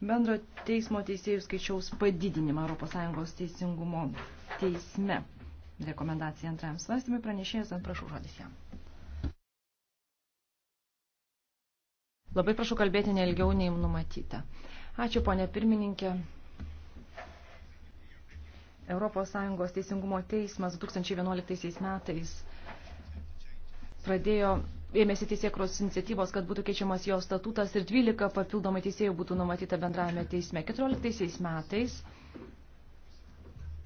bendro teismo teisėjų skaičiaus padidinimą ES teisingumo teisme. Rekomendacija antrajam svarstymui pranešėjas, ant prašau žodis jam. Labai prašau kalbėti neilgiau nei numatyta. Ačiū, ponė pirmininkė. ES teisingumo teismas 2011 metais pradėjo ėmėsi teisėkros iniciatyvos, kad būtų keičiamas jo statutas ir 12 papildomai teisėjų būtų numatyta bendrajame teisme. 14 metais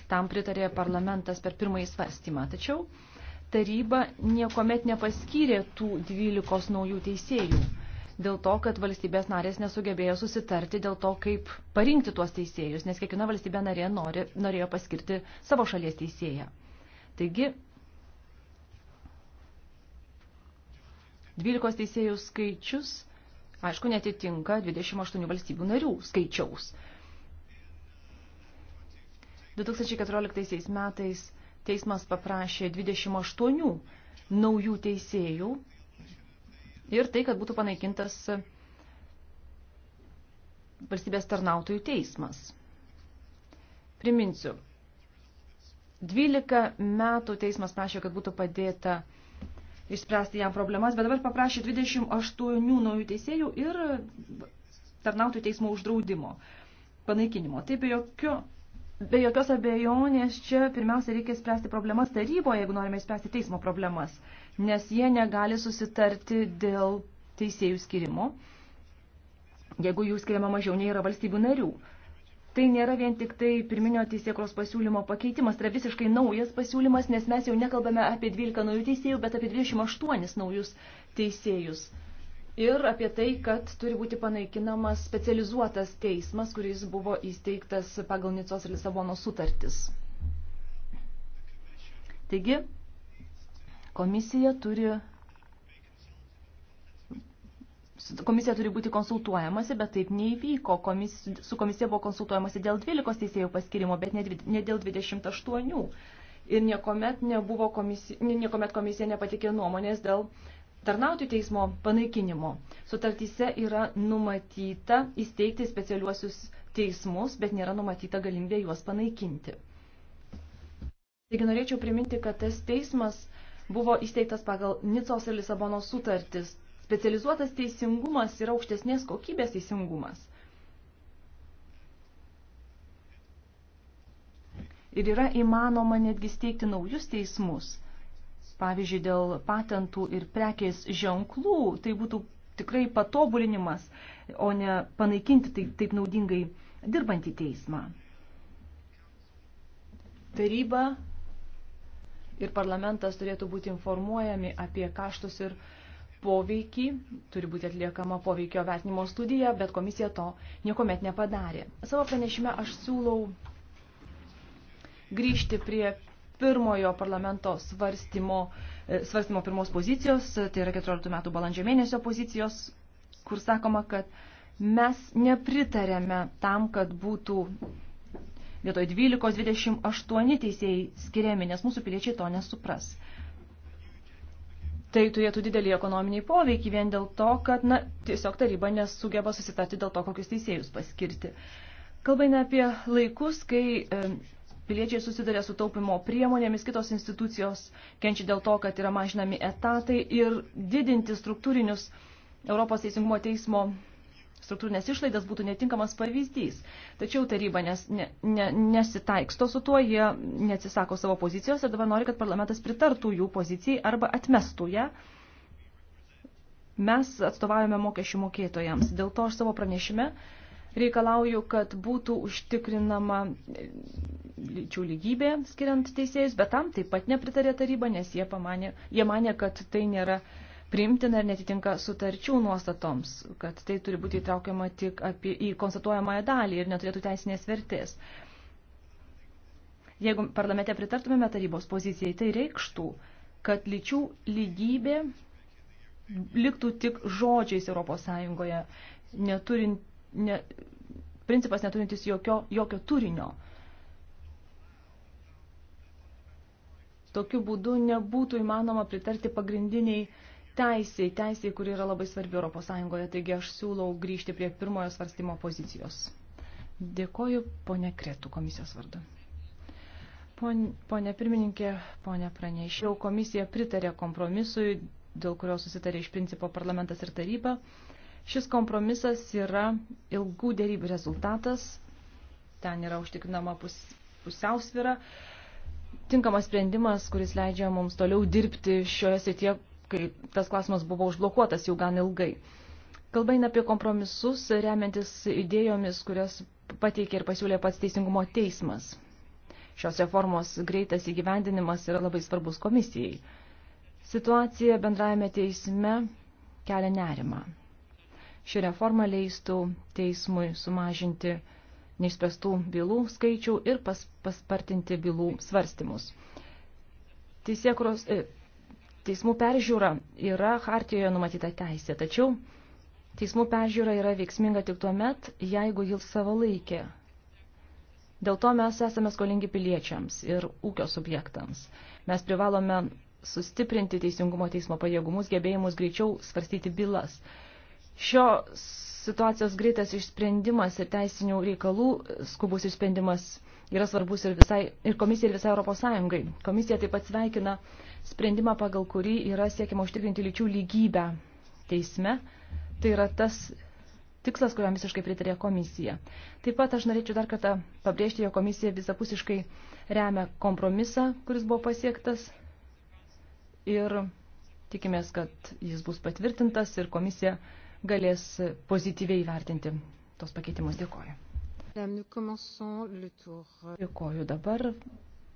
tam pritarė parlamentas per pirmąjį svarstymą. Tačiau taryba niekuomet nepaskyrė tų 12 naujų teisėjų dėl to, kad valstybės narės nesugebėjo susitarti dėl to, kaip parinkti tuos teisėjus, nes kiekviena valstybė narė nori, norėjo paskirti savo šalies teisėją. Taigi, 12 teisėjų skaičius, aišku, netitinka 28 valstybių narių skaičiaus. 2014 metais teismas paprašė 28 naujų teisėjų ir tai, kad būtų panaikintas valstybės tarnautojų teismas. Priminsiu, 12 metų teismas prašė, kad būtų padėta išspręsti jam problemas, bet dabar paprašė 28 naujų teisėjų ir tarnautų teismo uždraudimo, panaikinimo. Tai be, jokio, be jokios abejonės čia pirmiausia reikia spręsti problemas taryboje, jeigu norime spręsti teismo problemas, nes jie negali susitarti dėl teisėjų skirimo, jeigu jų skiriama mažiau nei yra valstybių narių tai nėra vien tik tai pirminio teisėkros pasiūlymo pakeitimas, tai yra visiškai naujas pasiūlymas, nes mes jau nekalbame apie 12 naujų teisėjų, bet apie 28 naujus teisėjus. Ir apie tai, kad turi būti panaikinamas specializuotas teismas, kuris buvo įsteigtas pagal Nicos ir Lisabono sutartis. Taigi, komisija turi komisija turi būti konsultuojamasi, bet taip neįvyko. Komis, su komisija buvo konsultuojamasi dėl 12 teisėjų paskirimo, bet ne, ne dėl 28. Ir niekuomet, nebuvo komisija, niekuomet komisija nepatikė nuomonės dėl tarnautojų teismo panaikinimo. Sutartyse yra numatyta įsteigti specialiuosius teismus, bet nėra numatyta galimybė juos panaikinti. Taigi norėčiau priminti, kad tas teismas buvo įsteigtas pagal Nicos ir Lisabono sutartis Specializuotas teisingumas yra aukštesnės kokybės teisingumas. Ir yra įmanoma netgi steigti naujus teismus. Pavyzdžiui, dėl patentų ir prekės ženklų tai būtų tikrai patobulinimas, o ne panaikinti taip, taip naudingai dirbantį teismą. Taryba ir parlamentas turėtų būti informuojami apie kaštus ir uh, poveikį, turi būti atliekama poveikio vertinimo studija, bet komisija to niekuomet nepadarė. Savo pranešime aš siūlau grįžti prie pirmojo parlamento svarstymo, e, svarstymo pirmos pozicijos, tai yra 14 metų balandžio mėnesio pozicijos, kur sakoma, kad mes nepritarėme tam, kad būtų vietoj 12-28 teisėjai skiriami, nes mūsų piliečiai to nesupras tai turėtų didelį ekonominį poveikį vien dėl to, kad na, tiesiog taryba nesugeba susitarti dėl to, kokius teisėjus paskirti. Kalbame apie laikus, kai e, piliečiai susiduria su taupimo priemonėmis, kitos institucijos kenčia dėl to, kad yra mažinami etatai ir didinti struktūrinius Europos teisingumo teismo struktūrinės išlaidas būtų netinkamas pavyzdys. Tačiau taryba nes, ne, ne, nesitaiksto su tuo, jie neatsisako savo pozicijos ir dabar nori, kad parlamentas pritartų jų pozicijai arba atmestų ją. Mes atstovavome mokesčių mokėtojams. Dėl to aš savo pranešime reikalauju, kad būtų užtikrinama lyčių lygybė skiriant teisėjus, bet tam taip pat nepritarė taryba, nes jie, pamanė, jie manė, kad tai nėra uh, priimtina ir netitinka sutarčių nuostatoms, kad tai turi būti įtraukiama tik apie, į konstatuojamąją dalį ir neturėtų teisinės vertės. Jeigu parlamente pritartumėme tarybos pozicijai, tai reikštų, kad lyčių lygybė liktų tik žodžiais Europos Sąjungoje, neturint, ne, principas neturintis jokio, jokio turinio. Tokiu būdu nebūtų įmanoma pritarti pagrindiniai uh, teisiai, teisiai, kuri yra labai svarbi ES, taigi aš siūlau grįžti prie pirmojo svarstymo pozicijos. Dėkoju ponė Kretų komisijos vardu. Pone pirmininkė, ponė pranešiau, komisija pritarė kompromisui, dėl kurio susitarė iš principo parlamentas ir taryba. Šis kompromisas yra ilgų dėrybių rezultatas, ten yra užtikrinama pus, pusiausvyra tinkamas sprendimas, kuris leidžia mums toliau dirbti šioje srityje, kai tas klausimas buvo užblokuotas jau gan ilgai. Kalba eina apie kompromisus, remiantis idėjomis, kurias pateikė ir pasiūlė pats Teisingumo teismas. Šios reformos greitas įgyvendinimas yra labai svarbus komisijai. Situacija bendrajame teisme kelia nerimą. Ši reforma leistų teismui sumažinti neišspręstų bylų skaičių ir pas, paspartinti bylų svarstymus. Teisėkros, e, Teismų peržiūra yra hartijoje numatyta teisė, tačiau teismų peržiūra yra veiksminga tik tuo met, jeigu jis savo laikė. Dėl to mes esame skolingi piliečiams ir ūkio subjektams. Mes privalome sustiprinti Teisingumo teismo pajėgumus, gebėjimus greičiau svarstyti bylas. Šio situacijos greitas išsprendimas ir teisinių reikalų skubus išsprendimas yra svarbus ir, visai, ir komisija ir visai Europos Sąjungai. Komisija taip pat sveikina uh, sprendimą, pagal kurį yra siekiama užtikrinti lyčių lygybę teisme. Tai yra tas tikslas, kuriam visiškai pritarė komisija. Taip pat aš norėčiau dar kartą pabrėžti, jo komisija visapusiškai remia kompromisą, kuris buvo pasiektas ir tikimės, kad jis bus patvirtintas ir komisija galės pozityviai vertinti tos pakeitimus. Dėkoju. Dėkoju dabar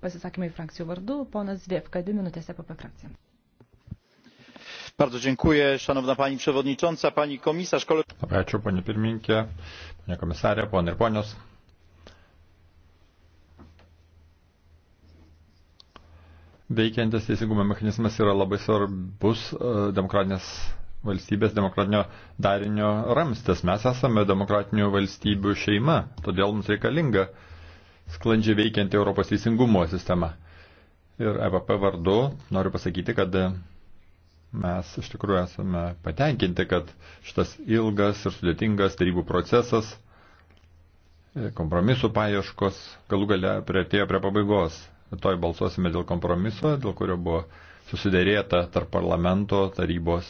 pasisakymai frakcijų vardu. Ponas Zviefka, dvi minutės apie e frakciją. Bardzo dziękuję, szanowna pani przewodnicząca, pani komisarz. Kole... Ačiū, ponė pirminkė, ponė komisarė, ponai ir ponios. Veikiantis teisingumo mechanizmas yra labai svarbus e, demokratinės valstybės demokratinio darinio ramstis. Mes esame demokratinių valstybių šeima, todėl mums reikalinga uh, sklandžiai veikianti Europos teisingumo sistema. Ir EVP vardu noriu pasakyti, kad mes iš tikrųjų esame patenkinti, kad šitas ilgas ir sudėtingas tarybų procesas, e, kompromisų paieškos galų gale prieartėjo prie pabaigos. Toj balsuosime dėl kompromiso, dėl kurio buvo susidėrėta tarp parlamento tarybos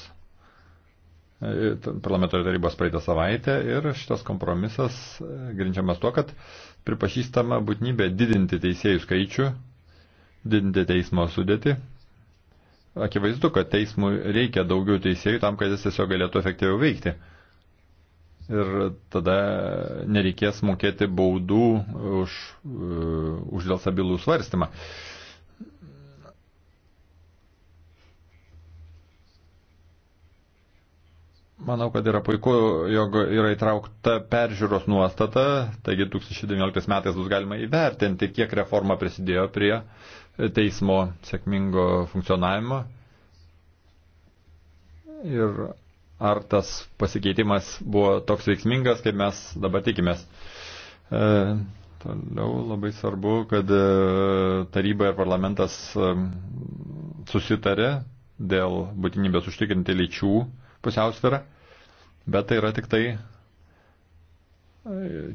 e, parlamento tarybos praeitą savaitę ir šitas kompromisas e, grindžiamas tuo, kad pripažįstama būtinybė didinti teisėjų skaičių, didinti teismo sudėti. Akivaizdu, kad teismui reikia daugiau teisėjų tam, kad jis tiesiog galėtų efektyviau veikti. Ir tada nereikės mokėti baudų už, e, už dėl sabilų svarstymą. Uh, Manau, kad yra puiku, jog yra įtraukta peržiūros nuostata, taigi 2019 metais bus galima įvertinti, kiek reforma prisidėjo prie teismo sėkmingo funkcionavimo ir ar tas pasikeitimas buvo toks veiksmingas, kaip mes dabar tikimės. E, toliau labai svarbu, kad e, taryba ir parlamentas e, susitarė dėl būtinybės užtikrinti lyčių pusiausvyrą, bet tai yra tik tai e,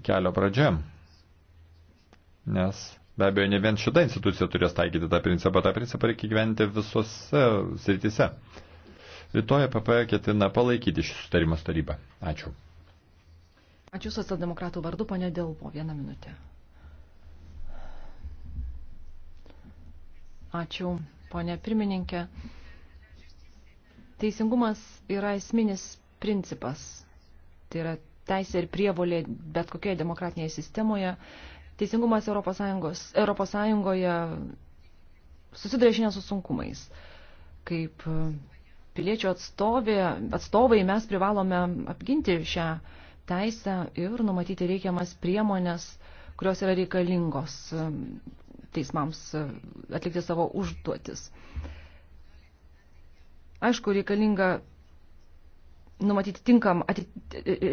kelio pradžia. Nes be abejo, ne vien šita institucija turės taikyti tą principą, tą principą reikia gyventi visose srityse. Rytoj PP ketina palaikyti šį sutarimą tarybą. Ačiū. Ačiū socialdemokratų vardu, ponė Dėlpo, vieną minutę. Ačiū, ponė pirmininkė. Teisingumas yra esminis principas. Tai yra teisė ir prievolė bet kokioje demokratinėje sistemoje. Teisingumas Europos, Sąjungos, Europos Sąjungoje susiduria šiandien su sunkumais. Kaip e, piliečių atstovė, atstovai mes privalome apginti šią teisę ir numatyti reikiamas priemonės, kurios yra reikalingos e, teismams e, atlikti savo užduotis. Aišku, reikalinga numatyti tinkam, atit,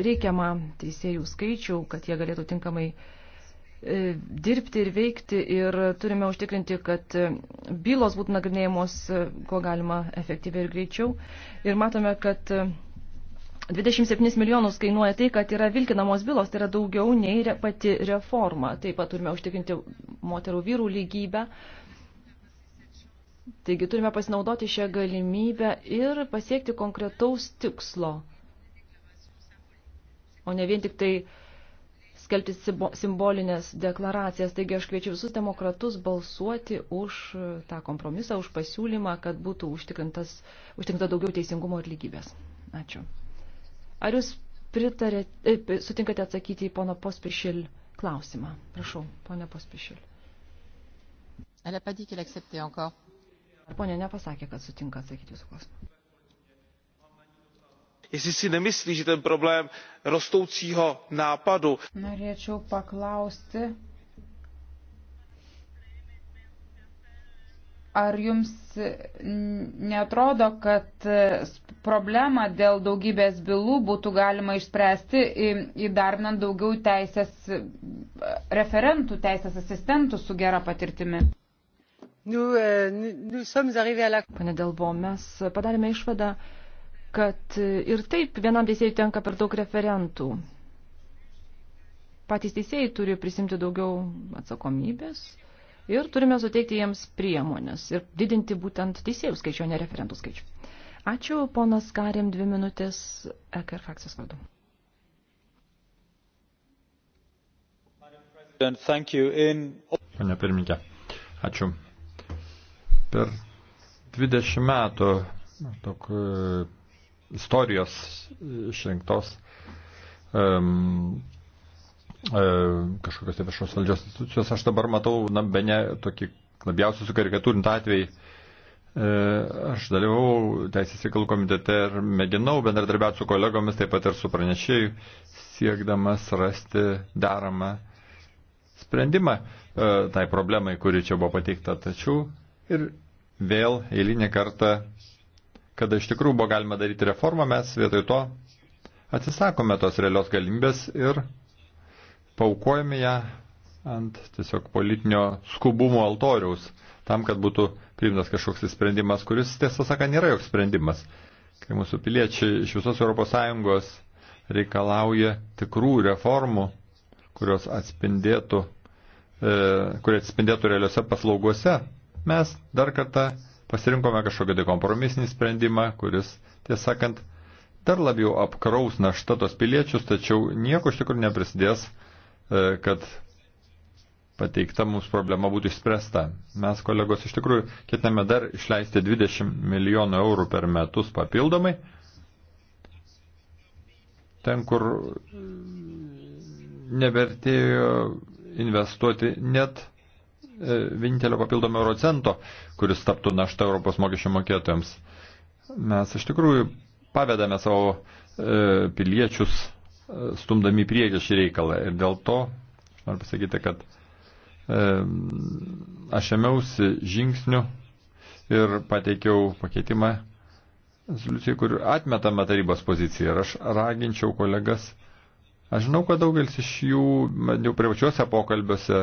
reikiamą teisėjų skaičių, kad jie galėtų tinkamai e, dirbti ir veikti ir turime užtikrinti, kad e, bylos būtų nagrinėjamos e, kuo galima efektyviai ir greičiau. Ir matome, kad 27 milijonus kainuoja tai, kad yra vilkinamos bylos, tai yra daugiau nei pati reforma. Taip pat turime užtikrinti moterų vyrų lygybę. Uh, Taigi turime pasinaudoti šią galimybę ir pasiekti konkretaus tikslo, o ne vien tik tai skelbti simbolinės deklaracijas. Taigi aš kviečiu visus demokratus balsuoti už tą kompromisą, už pasiūlymą, kad būtų užtikrinta daugiau teisingumo ir lygybės. Ačiū. Ar jūs pritarėte, sutinkate atsakyti į pono Pospišil klausimą? Prašau, pone Pospišil. Elle n'a pas dit qu'elle acceptait encore. Ponė nepasakė, kad sutinka atsakyti jūsų klausimą. Jestli si nemyslí, že ten problém rostoucího nápadu. Norėčiau paklausti, ar jums netrodo, kad problemą dėl daugybės bylų būtų galima išspręsti įdarbinant daugiau teisės referentų, teisės asistentų su gera patirtimi? Euh, Pane Delbo, mes padarėme išvadą, kad e, ir taip vienam teisėjui tenka per daug referentų. Patys teisėjai turi prisimti daugiau atsakomybės ir turime suteikti jiems priemonės ir didinti būtent teisėjų skaičių, ne referentų skaičių. Ačiū, ponas Karim, dvi minutės EKR frakcijos vardu. Pane pirmininkė, ačiū. Per 20 metų tok, e, istorijos e, išrinktos um, kažkokios tai viešos valdžios institucijos, aš dabar matau, na, be ne, tokį labiausiai sukarikatūrintą atvejį. Aš dalyvau Teisės reikalų komitete ir mėginau bendradarbiauti su kolegomis, taip pat ir su pranešėjų, siekdamas rasti deramą sprendimą tai problemai, kuri čia buvo pateikta. Tačiau Ir vėl eilinį kartą, kada iš tikrųjų buvo galima daryti reformą, mes vietoj to atsisakome tos realios galimybės ir paukojame ją ant tiesiog politinio skubumo altoriaus, tam, kad būtų priimtas kažkoks sprendimas, kuris tiesą sakant nėra joks sprendimas, kai mūsų piliečiai iš visos ES reikalauja tikrų reformų, kurios atspindėtų, e, kurie atspindėtų realiuose paslauguose, Mes dar kartą pasirinkome kažkokį tai kompromisinį sprendimą, kuris, tiesą sakant, dar labiau apkraus naštą tos piliečius, tačiau nieko iš tikrųjų neprisidės, e, kad pateikta mums problema būtų išspręsta. Mes, kolegos, iš tikrųjų ketiname dar išleisti 20 milijonų eurų per metus papildomai. Ten, kur nevertėjo investuoti net E, vienintelio papildomo eurocento, kuris taptų naštą Europos mokesčių mokėtojams. Mes iš tikrųjų pavedame savo e, piliečius e, stumdami priekį šį reikalą. Ir dėl to, aš noriu pasakyti, kad e, aš ėmiausi žingsnių ir pateikiau pakeitimą rezoliucijai, kur atmetame tarybos poziciją. Ir aš raginčiau kolegas Aš žinau, kad daugelis iš jų jau privačiuose pokalbiuose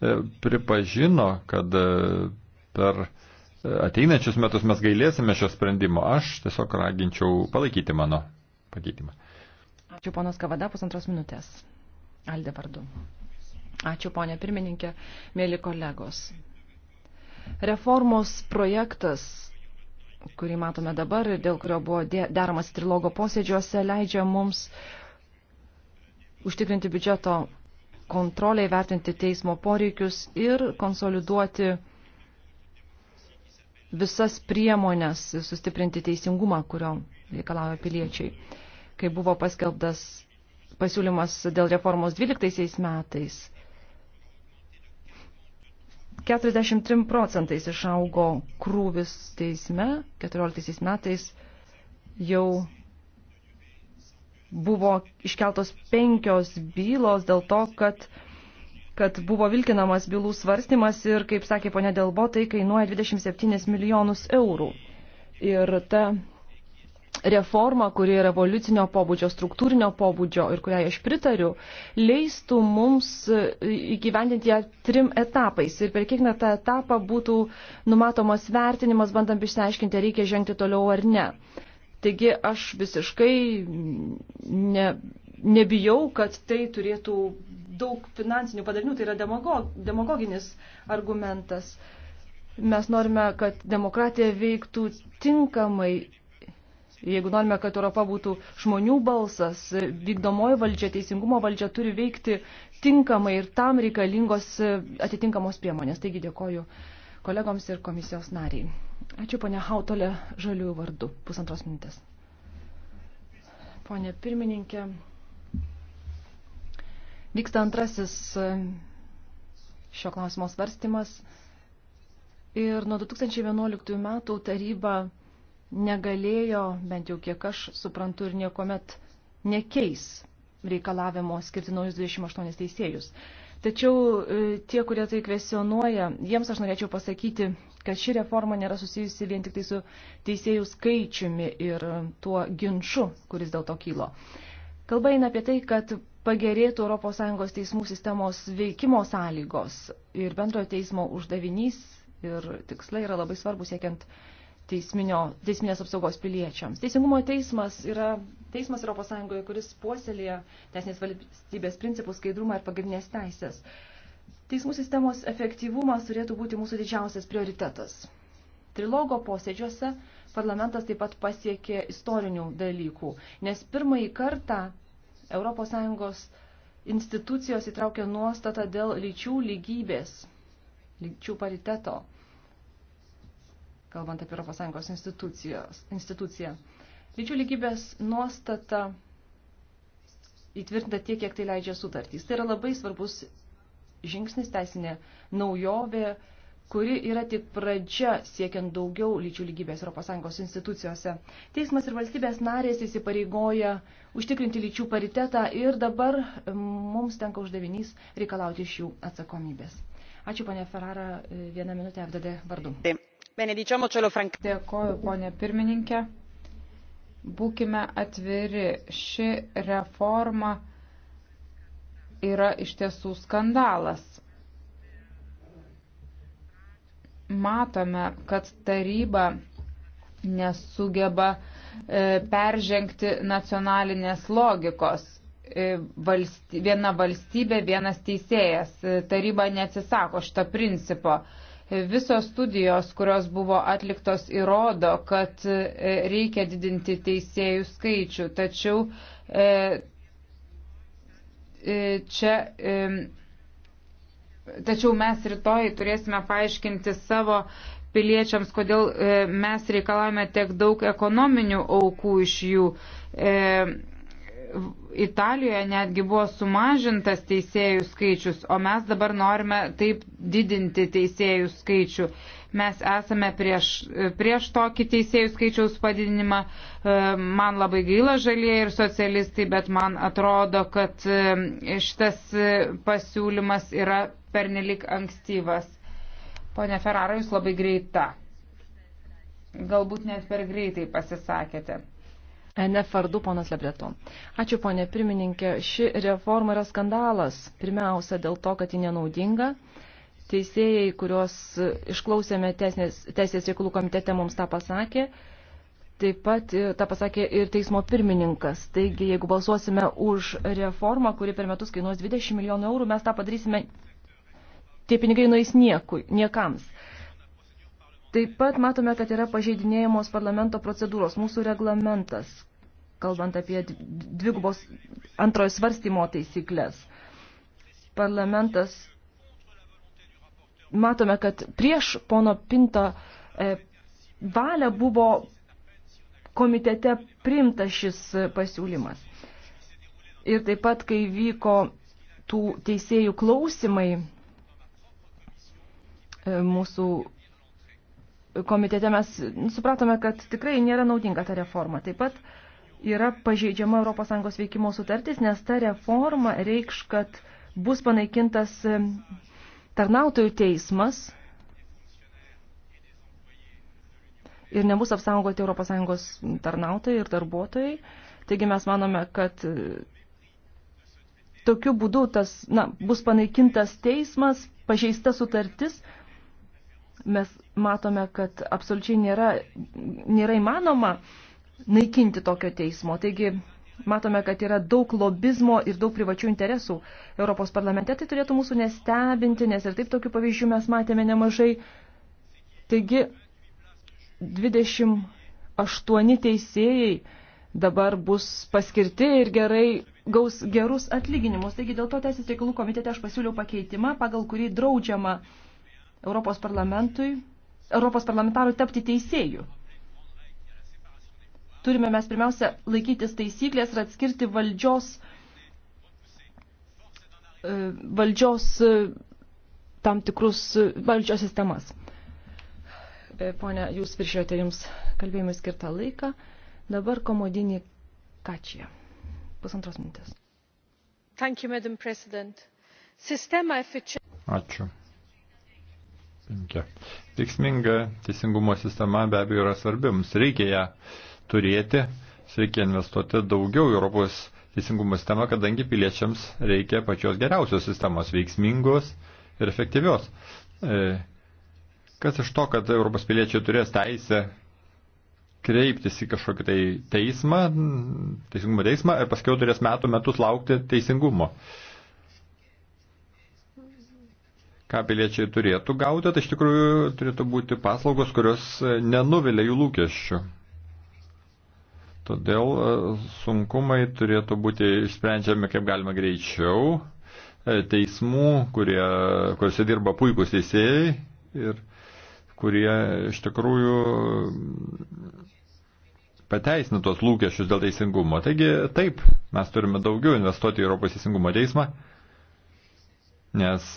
E, pripažino, kad e, per e, ateinančius metus mes gailėsime šio sprendimo. Aš tiesiog raginčiau palaikyti mano pakeitimą. Ačiū ponas Kavada, pusantros minutės. Aldė vardu. Ačiū ponė pirmininkė, mėly kolegos. Reformos projektas kurį matome dabar ir dėl kurio buvo deramas trilogo posėdžiuose, leidžia mums užtikrinti biudžeto kontrolę įvertinti teismo poreikius ir konsoliduoti visas priemonės sustiprinti teisingumą, kurio reikalauja piliečiai. Kai buvo paskelbtas pasiūlymas dėl reformos 12 metais, 43 procentais išaugo krūvis teisme, 14 metais jau buvo iškeltos penkios bylos dėl to, kad, kad buvo vilkinamas bylų svarstymas ir, kaip sakė ponia Delbo, tai kainuoja 27 milijonus eurų. Ir ta reforma, kuri yra revoliucinio pobūdžio, struktūrinio pobūdžio ir kuriai aš pritariu, leistų mums įgyvendinti ją trim etapais. Ir per kiekvieną tą etapą būtų numatomas vertinimas, bandant išsiaiškinti, reikia žengti toliau ar ne. Taigi aš visiškai ne, nebijau, kad tai turėtų daug finansinių padarinių, tai yra demagog, demagoginis argumentas. Mes norime, kad demokratija veiktų tinkamai. Jeigu norime, kad Europa būtų žmonių balsas, vykdomoji valdžia, teisingumo valdžia turi veikti tinkamai ir tam reikalingos atitinkamos priemonės. Taigi dėkoju kolegoms ir komisijos nariai. Ačiū ponia Hautolė žaliųjų vardu. Pusantros minutės. Pone pirmininkė, vyksta antrasis e, šio klausimo svarstymas ir nuo 2011 metų taryba negalėjo, bent jau kiek aš suprantu ir niekuomet nekeis reikalavimo skirti naujus 28 teisėjus. Tačiau e, tie, kurie tai kvesionuoja, jiems aš norėčiau pasakyti, kad ši reforma nėra susijusi vien tik tai su teisėjų skaičiumi ir tuo ginču, kuris dėl to kylo. Kalba eina apie tai, kad pagerėtų ES teismų sistemos veikimo sąlygos ir bendrojo teismo uždavinys ir tikslai yra labai svarbus siekiant teisminio, teisminės apsaugos piliečiams. Teisingumo teismas yra teismas Europos Sąjungoje, kuris puoselėja teisinės valstybės principus, skaidrumą ir pagrindinės teisės. Teismų sistemos efektyvumas turėtų būti mūsų didžiausias prioritetas. Trilogo posėdžiuose parlamentas taip pat pasiekė istorinių dalykų, nes pirmąjį kartą Europos Sąjungos institucijos įtraukė nuostatą dėl lyčių lygybės, lyčių pariteto kalbant apie ES instituciją. Lyčių lygybės nuostata įtvirtinta tiek, kiek tai leidžia sutartys. Tai yra labai svarbus žingsnis teisinė naujovė, kuri yra tik pradžia siekiant daugiau lyčių lygybės ES institucijose. Teismas ir valstybės narės įsipareigoja užtikrinti lyčių paritetą ir dabar mums tenka uždavinys reikalauti iš jų atsakomybės. Ačiū, ponė Ferrara, vieną minutę FDD vardu. Bene, diciamocelo frank. Dėkoju, ponė pirmininkė. Būkime atviri, ši reforma yra iš tiesų skandalas. Matome, kad taryba nesugeba e, peržengti nacionalinės logikos. E, Valsty, viena valstybė, vienas teisėjas. E, taryba neatsisako šito principo. E, Visos studijos, kurios buvo atliktos, įrodo, kad e, reikia didinti teisėjų skaičių, tačiau e, e, čia. Tačiau mes rytoj turėsime paaiškinti savo piliečiams, kodėl mes reikalavome tiek daug ekonominių aukų iš jų. Italijoje netgi buvo sumažintas teisėjų skaičius, o mes dabar norime taip didinti teisėjų skaičių. Mes esame prieš, prieš tokį teisėjų skaičiaus padidinimą. E, man labai gaila žalieji ir socialistai, bet man atrodo, kad e, šitas e, pasiūlymas yra pernelik ankstyvas. Pone Ferrara, jūs labai greita. Galbūt net per greitai pasisakėte. NF vardu ponas Lebreton. Ačiū ponė pirmininkė. Ši reforma yra skandalas. Pirmiausia dėl to, kad ji nenaudinga. Teisėjai, kuriuos išklausėme teisės, teisės reikalų komitete, mums tą pasakė. Taip pat e, tą pasakė ir teismo pirmininkas. Taigi, jeigu balsuosime už reformą, kuri per metus kainuos 20 milijonų eurų, mes tą padarysime, tie pinigai nueis niekui, niekams. Taip pat matome, kad yra pažeidinėjamos parlamento procedūros, mūsų reglamentas, kalbant apie dvigubos antrojo svarstymo taisyklės. Parlamentas, matome, kad prieš pono Pinto e, valią buvo komitete priimtas šis pasiūlymas. Ir taip pat, kai vyko tų teisėjų klausimai, e, mūsų komitete mes supratome, kad tikrai nėra naudinga ta reforma. Taip pat yra pažeidžiama ES veikimo sutartis, nes ta reforma reikš, kad bus panaikintas tarnautojų teismas ir nebus apsaugoti ES tarnautojai ir darbuotojai. Taigi mes manome, kad e, tokiu būdu tas, na, bus panaikintas teismas, pažeista sutartis mes matome, kad absoliučiai nėra, nėra įmanoma naikinti tokio teismo. Taigi matome, kad yra daug lobizmo ir daug privačių interesų Europos parlamente. Tai turėtų mūsų nestebinti, nes ir taip tokių pavyzdžių mes matėme nemažai. Taigi 28 teisėjai dabar bus paskirti ir gerai gaus gerus atlyginimus. Taigi dėl to Teisės reikalų komitete aš pasiūliau pakeitimą, pagal kurį draudžiama uh, Europos parlamentui, Europos parlamentarui tapti teisėjų. Turime mes pirmiausia laikytis taisyklės ir atskirti valdžios, e, valdžios e, tam tikrus e, valdžios sistemas. Pone, jūs viršėjote jums kalbėjimui skirtą laiką. Dabar komodinį kačiją. Pusantros minutės. Thank you, Madam President. Sistema efficiency. Ačiū, Veiksminga teisingumo sistema be abejo yra svarbi, mums reikia ją turėti, reikia investuoti daugiau Europos teisingumo sistemą, kadangi piliečiams reikia pačios geriausios sistemos, veiksmingos ir efektyvios. E, kas iš to, kad Europos piliečiai turės teisę kreiptis į kažkokį tai teismą, teisingumo teismą ir paskui turės metų metus laukti teisingumo. E, ką piliečiai turėtų gauti, tai iš tikrųjų turėtų būti paslaugos, kurios e, nenuvilia jų lūkesčių. Todėl e, sunkumai turėtų būti išsprendžiami kaip galima greičiau. E, teismų, kurie, kuriuose dirba puikūs teisėjai ir kurie iš tikrųjų mm, pateisina tuos lūkesčius dėl teisingumo. Taigi taip, mes turime daugiau investuoti į Europos teisingumo teismą, nes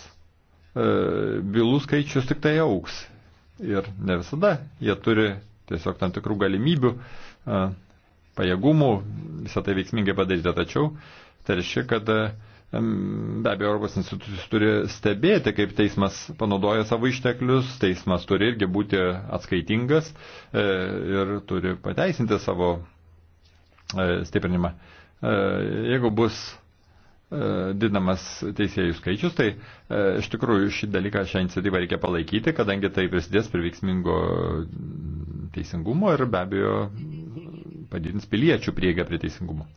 E, bylų skaičius tik tai auks. Ir ne visada jie turi tiesiog tam tikrų galimybių, e, pajėgumų visą tai veiksmingai padaryti. Tačiau tai reiškia, kad e, be abejo Europos institucijos turi stebėti, kaip teismas panaudoja savo išteklius, teismas turi irgi būti atskaitingas ir turi pateisinti savo stiprinimą. Jeigu bus didinamas teisėjų skaičius, tai e, iš tikrųjų šį dalyką, šią iniciatyvą reikia palaikyti, kadangi tai prisidės prie veiksmingo teisingumo ir be abejo padidins piliečių prieigą prie teisingumo.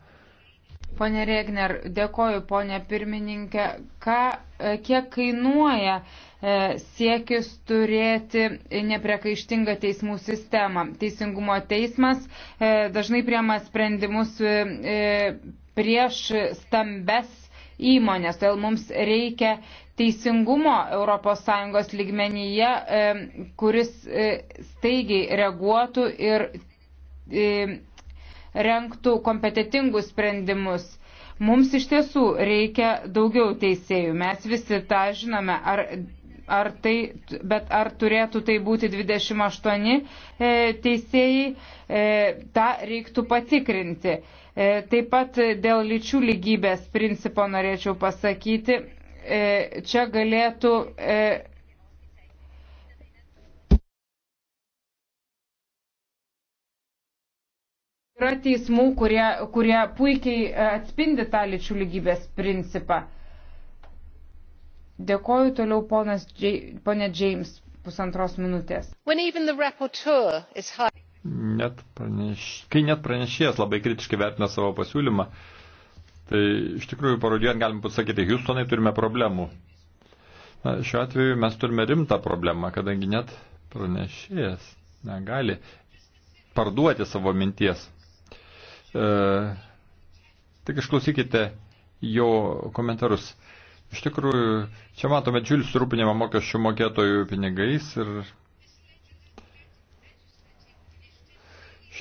Pone Regner, dėkoju, ponė pirmininkė. Ką, e, kiek kainuoja e, siekis turėti nepriekaištingą teismų sistemą? Teisingumo teismas e, dažnai priema sprendimus e, e prieš stambes įmonės. Todėl mums reikia teisingumo ES lygmenyje, e, kuris e, staigiai reaguotų ir e, renktų kompetitingus sprendimus. Mums iš tiesų reikia daugiau teisėjų. Mes visi tą žinome. Ar ar tai, bet ar turėtų tai būti 28 e, teisėjai, e, tą reiktų patikrinti. E, taip pat dėl lyčių lygybės principo norėčiau pasakyti, e, čia galėtų. E, yra teismų, kurie, kurie puikiai atspindi tą lyčių lygybės principą. Dėkoju toliau ponas, ponė James pusantros minutės net praneš... kai net pranešėjas labai kritiškai vertina savo pasiūlymą, tai iš tikrųjų parodijuojant galim pasakyti, Houstonai turime problemų. Na, šiuo atveju mes turime rimtą problemą, kadangi net pranešėjas negali parduoti savo minties. E, tik išklausykite jo komentarus. Iš tikrųjų, čia matome džiulį surūpinimą mokesčių mokėtojų pinigais ir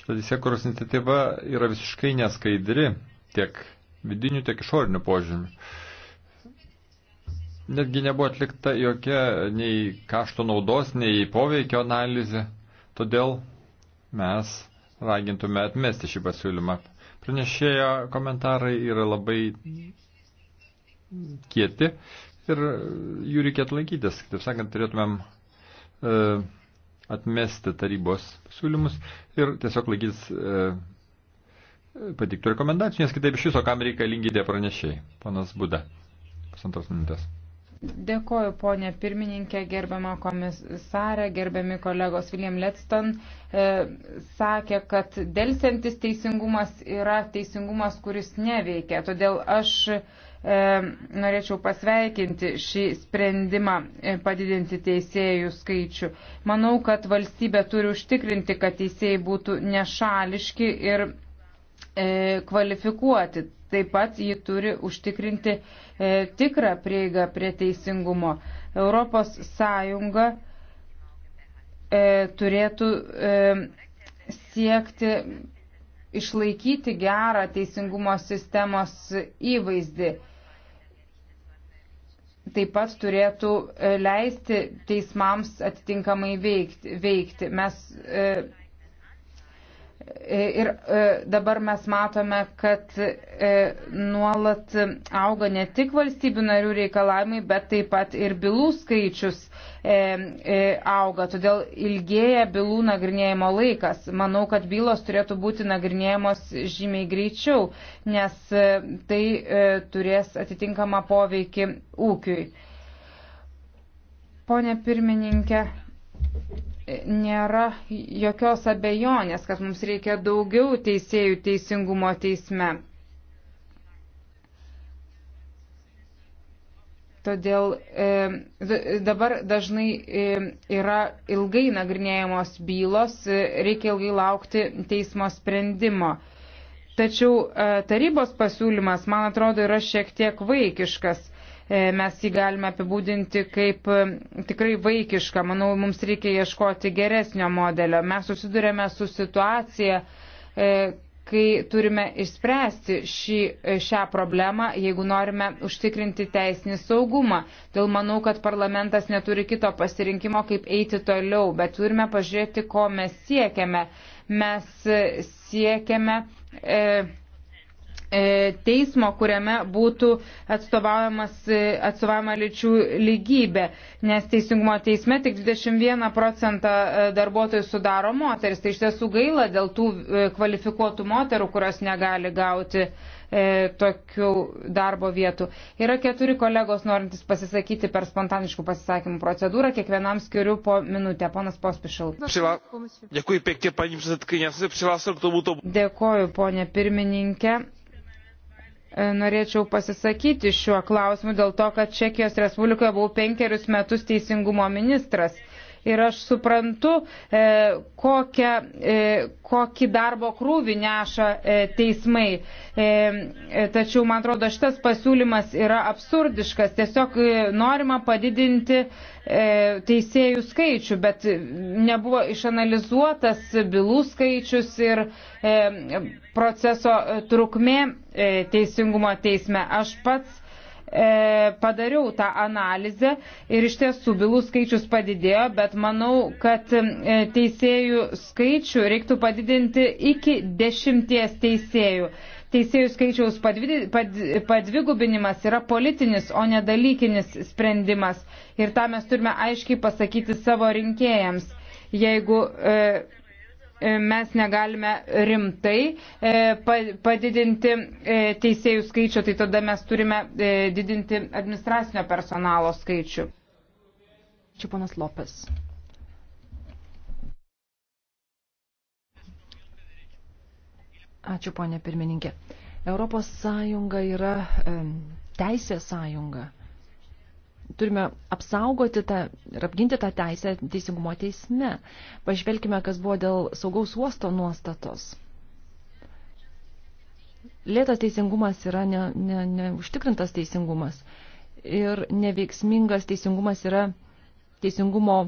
Šitą teisėkuros iniciatyva yra visiškai neskaidri tiek vidinių, tiek išorinių požymių. Netgi nebuvo atlikta jokia nei kašto naudos, nei poveikio analizė. Todėl mes ragintume atmesti šį pasiūlymą. Pranešėjo komentarai yra labai kieti ir jų reikėtų laikytis. Taip sakant, turėtumėm. E, atmesti tarybos siūlymus ir tiesiog laikys e, patiktų rekomendacijų, nes kitaip iš viso kam reikalingi tie pranešiai. Panas Buda, pusantros minutės. Dėkoju, ponė pirmininkė, gerbiama komisarė, gerbiami kolegos William Letston. E, sakė, kad delsiantis teisingumas yra teisingumas, kuris neveikia. Todėl aš e, norėčiau pasveikinti šį sprendimą e, padidinti teisėjų skaičių. Manau, kad valstybė turi užtikrinti, kad teisėjai būtų nešališki ir e, kvalifikuoti Taip pat ji turi užtikrinti e, tikrą prieigą prie teisingumo. Europos Sąjunga e, turėtų e, siekti išlaikyti gerą teisingumo sistemos įvaizdį. Taip pat turėtų e, leisti teismams atitinkamai veikti. veikti. Mes e, Ir e, dabar mes matome, kad e, nuolat auga ne tik valstybių narių reikalavimai, bet taip pat ir bylų skaičius e, auga. Todėl ilgėja bylų nagrinėjimo laikas. Manau, kad bylos turėtų būti nagrinėjamos žymiai greičiau, nes tai turės atitinkamą poveikį ūkiui. Pone pirmininkė, nėra jokios abejonės, kad mums reikia daugiau teisėjų teisingumo teisme. Todėl e, dabar dažnai e, yra ilgai nagrinėjamos bylos, e, reikia ilgai laukti teismo sprendimo. Tačiau e, tarybos pasiūlymas, man atrodo, yra šiek tiek vaikiškas E, mes jį galime apibūdinti kaip e, tikrai vaikišką. Manau, mums reikia ieškoti geresnio modelio. Mes susidurėme su situacija, e, kai turime išspręsti šį, šią problemą, jeigu norime užtikrinti teisinį saugumą. Dėl manau, kad parlamentas neturi kito pasirinkimo, kaip eiti toliau, bet turime pažiūrėti, ko mes siekiame. Mes siekiame. E, E, teismo, kuriame būtų e, atstovaujama lyčių lygybė, nes teisingumo teisme tik 21 procentą e, darbuotojų sudaro moteris. Tai iš tiesų gaila dėl tų kvalifikuotų moterų, kurios negali gauti tokių darbo vietų. Yra keturi kolegos norintys pasisakyti per spontaniškų pasisakymų procedūrą. Kiekvienam skiriu po minutę. Ponas Pospišil. Dėkui, pėkė, paní předsedkyně. Já jsem se přihlásil k tomuto. Dėkoju, ponė pirmininkė. E, norėčiau pasisakyti šiuo klausimu dėl to, kad Čekijos Respublikoje buvau penkerius metus teisingumo ministras ir aš suprantu, e, kokią, e, kokį darbo krūvį neša e, teismai. Tačiau, man atrodo, šitas pasiūlymas yra absurdiškas. Tiesiog norima padidinti teisėjų skaičių, bet nebuvo išanalizuotas bylų skaičius ir proceso trukmė teisingumo teisme. Aš pats e, padariau tą analizę ir iš tiesų bylų skaičius padidėjo, bet manau, kad e, teisėjų skaičių reiktų padidinti iki dešimties teisėjų. Teisėjų skaičiaus padvidi, pad, padvigubinimas yra politinis, o ne dalykinis sprendimas. Ir tą mes turime aiškiai pasakyti savo rinkėjams. Jeigu e, E, mes negalime rimtai e, padidinti e, teisėjų skaičių, tai tada mes turime didinti administracinio personalo skaičių. Čia ponas Lopes. Ačiū, ponė pirmininkė. Europos sąjunga yra teisės sąjunga turime apsaugoti tą ir apginti tą teisę teisingumo teisme. Pažvelkime, kas buvo dėl saugaus uosto nuostatos. Lėtas teisingumas yra neužtikrintas ne, ne, ne teisingumas ir neveiksmingas teisingumas yra teisingumo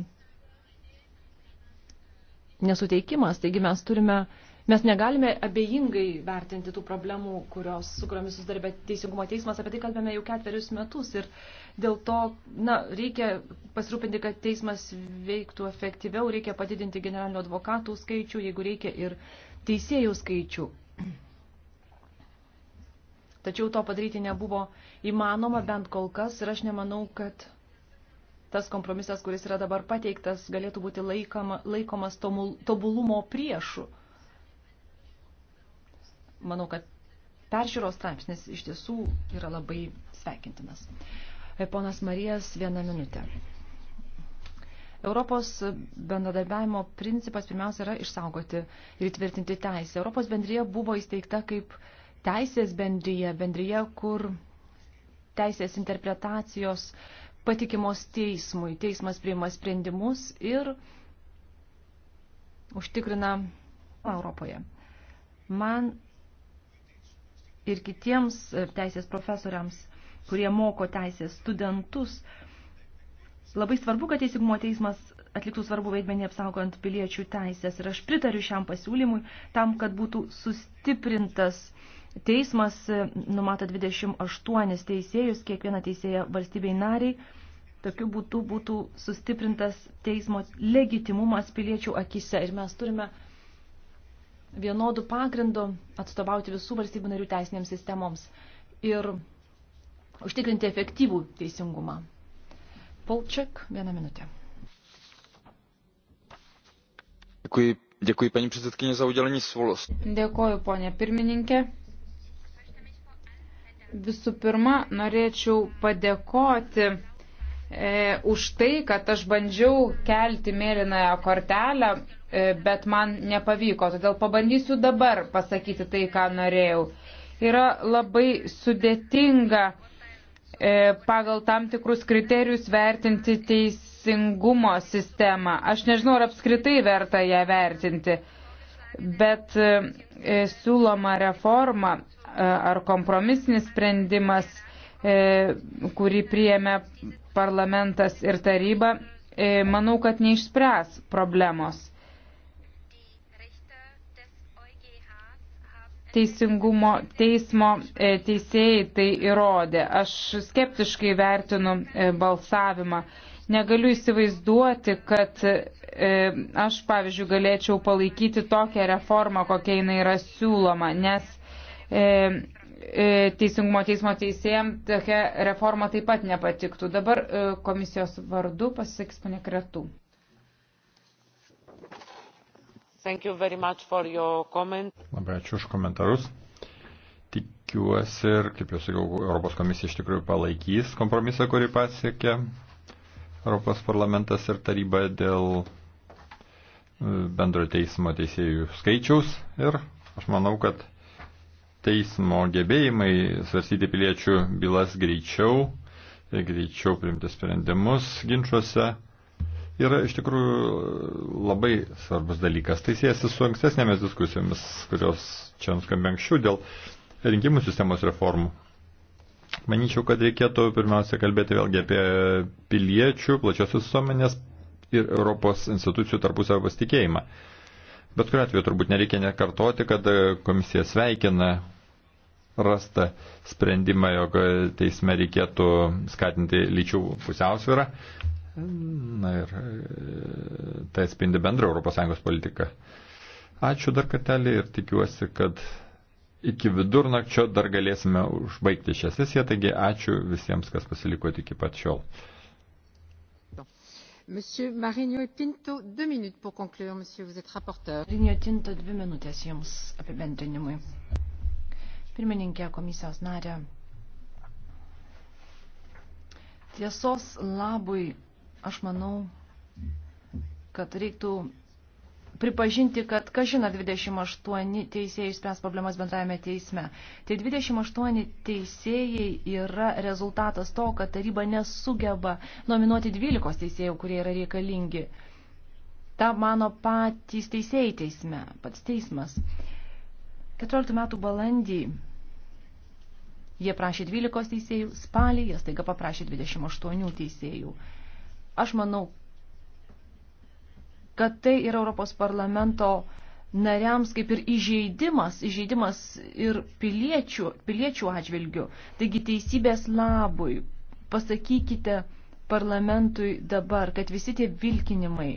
nesuteikimas. Taigi mes turime uh, Mes negalime abejingai vertinti tų problemų, kurios, su kuriomis susidarbė Teisingumo teismas, apie tai kalbame jau ketverius metus ir dėl to na, reikia pasirūpinti, kad teismas veiktų efektyviau, reikia padidinti generalinio advokatų skaičių, jeigu reikia ir teisėjų skaičių. Tačiau to padaryti nebuvo įmanoma bent kol kas ir aš nemanau, kad tas kompromisas, kuris yra dabar pateiktas, galėtų būti laikama, laikomas tobulumo priešu manau, kad peržiūros straipsnis iš tiesų yra labai sveikintinas. E, ponas Marijas, vieną minutę. Europos bendradarbiavimo principas pirmiausia yra išsaugoti ir įtvirtinti teisę. Europos bendryje buvo įsteigta kaip teisės bendryje, bendryje, kur teisės interpretacijos patikimos teismui. Teismas priima sprendimus ir užtikrina Europoje. Man ir kitiems e, teisės profesoriams, kurie moko teisės studentus. Labai svarbu, kad teisingumo teismas atliktų svarbu vaidmenį apsaugant piliečių teisės ir aš pritariu šiam pasiūlymui tam, kad būtų sustiprintas teismas, e, numato 28 teisėjus, kiekvieną teisėją valstybei nariai. Tokiu būtų būtų sustiprintas teismo legitimumas piliečių akise ir mes turime uh, vienodų pagrindų atstovauti visų valstybių narių teisinėms sistemoms ir užtikrinti efektyvų teisingumą. Polček, vieną minutę. Děkuji, děkuji paní předsedkyně za udělení svolos. Dėkoju, ponė pirmininkė. Visų pirma, norėčiau padėkoti e, už tai, kad aš bandžiau kelti mėlynąją kortelę, e, bet man nepavyko. Todėl pabandysiu dabar pasakyti tai, ką norėjau. Yra labai sudėtinga e, pagal tam tikrus kriterijus vertinti teisingumo sistemą. Aš nežinau, ar apskritai verta ją vertinti, bet e, e siūloma reforma e, ar kompromisinis sprendimas, e, kurį priėmė parlamentas ir taryba, e, manau, kad neišspręs problemos. Teisingumo teismo e, teisėjai tai įrodė. Aš skeptiškai vertinu e, balsavimą. Negaliu įsivaizduoti, kad aš, pavyzdžiui, galėčiau palaikyti tokią reformą, kokia jinai yra siūloma, nes E, teisingumo teismo teisėjams tokia reforma taip pat nepatiktų. Dabar e, komisijos vardu pasisakys ponė Kretų. Labai ačiū už komentarus. Tikiuosi ir, kaip jau sakiau, Europos komisija iš tikrųjų palaikys kompromisą, kurį pasiekė Europos parlamentas ir taryba dėl e, bendro teismo teisėjų skaičiaus. Ir aš manau, kad teismo gebėjimai svarstyti piliečių bylas greičiau, greičiau priimti sprendimus ginčiuose yra iš tikrųjų labai svarbus dalykas. Tai siejasi su ankstesnėmis diskusijomis, kurios čia nuskambė anksčiau dėl rinkimų sistemos reformų. Manyčiau, kad reikėtų pirmiausia kalbėti vėlgi apie piliečių, plačios visuomenės ir Europos institucijų tarpusavio pasitikėjimą. Bet kuriu atveju turbūt nereikia nekartoti, kad komisija sveikina rasta sprendimą, jog teisme reikėtų skatinti lyčių pusiausvyrą. Na ir e, tai atspindi bendrą ES politiką. Ačiū dar kartelį ir tikiuosi, kad iki vidurnakčio dar galėsime užbaigti šią sesiją, taigi ačiū visiems, kas pasilikote iki pat šiol. Monsieur Marinho Pinto, deux minutes pour conclure, monsieur, vous êtes rapporteur. Marinho Pinto, dvi minutės jums apibendrinimui. Pirmininkė komisijos narė. Tiesos labui, aš manau, kad reiktų pripažinti, kad kažina 28 teisėjai spręs problemas bendrajame teisme. Tai 28 teisėjai yra rezultatas to, kad taryba nesugeba nominuoti 12 teisėjų, kurie yra reikalingi. Ta mano patys teisėjai teisme, pats teismas. 14 metų balandį jie prašė 12 teisėjų, spalį jie staiga paprašė 28 teisėjų. Aš manau, kad tai yra Europos parlamento nariams kaip ir įžeidimas, įžeidimas ir piliečių, piliečių atžvilgių. Taigi teisybės labui pasakykite parlamentui dabar, kad visi tie vilkinimai,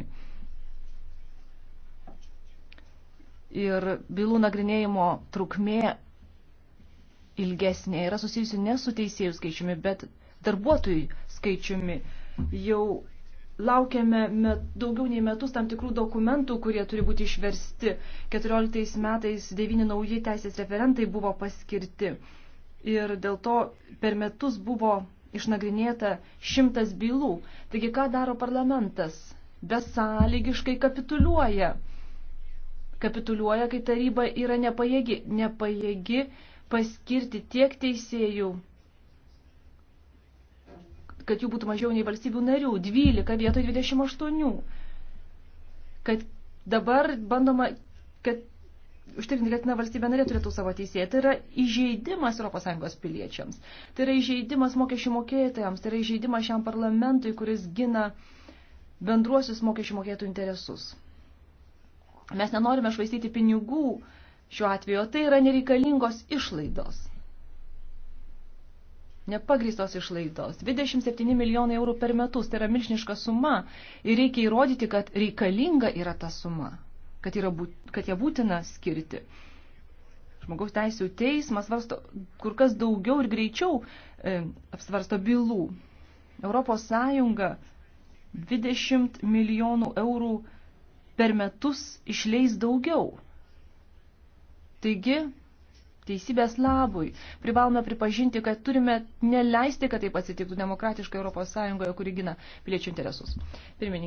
ir bylų nagrinėjimo trukmė ilgesnė yra susijusi ne su teisėjų skaičiumi, bet darbuotojų skaičiumi. Jau laukiame met, daugiau nei metus tam tikrų dokumentų, kurie turi būti išversti. 14 metais devyni nauji teisės referentai buvo paskirti. Ir dėl to per metus buvo išnagrinėta šimtas bylų. Taigi ką daro parlamentas? Besąlygiškai kapituliuoja kapituliuoja, kai taryba yra nepajėgi, nepajėgi paskirti tiek teisėjų, kad jų būtų mažiau nei valstybių narių, 12 vietoj 28, kad dabar bandoma, kad užtikrinti, kad na, valstybė narė turėtų savo teisėją. Tai yra įžeidimas ES piliečiams, tai yra įžeidimas mokesčių mokėtojams, tai yra įžeidimas šiam parlamentui, kuris gina bendruosius mokesčių mokėtojų interesus. Mes nenorime švaistyti pinigų šiuo atveju, tai yra nereikalingos išlaidos. Nepagrįstos išlaidos. 27 milijonai eurų per metus, tai yra milžiniška suma ir reikia įrodyti, kad reikalinga yra ta suma, kad, yra būt, kad ją būtina skirti. Žmogaus teisų teismas varsto kur kas daugiau ir greičiau e, apsvarsto bylų. Europos Sąjunga 20 milijonų eurų per per metus išleis daugiau. Taigi, teisybės labui. Privalome pripažinti, kad turime neleisti, kad taip atsitiktų demokratiškai ES, kuri gina piliečių interesus. Pirmininkai.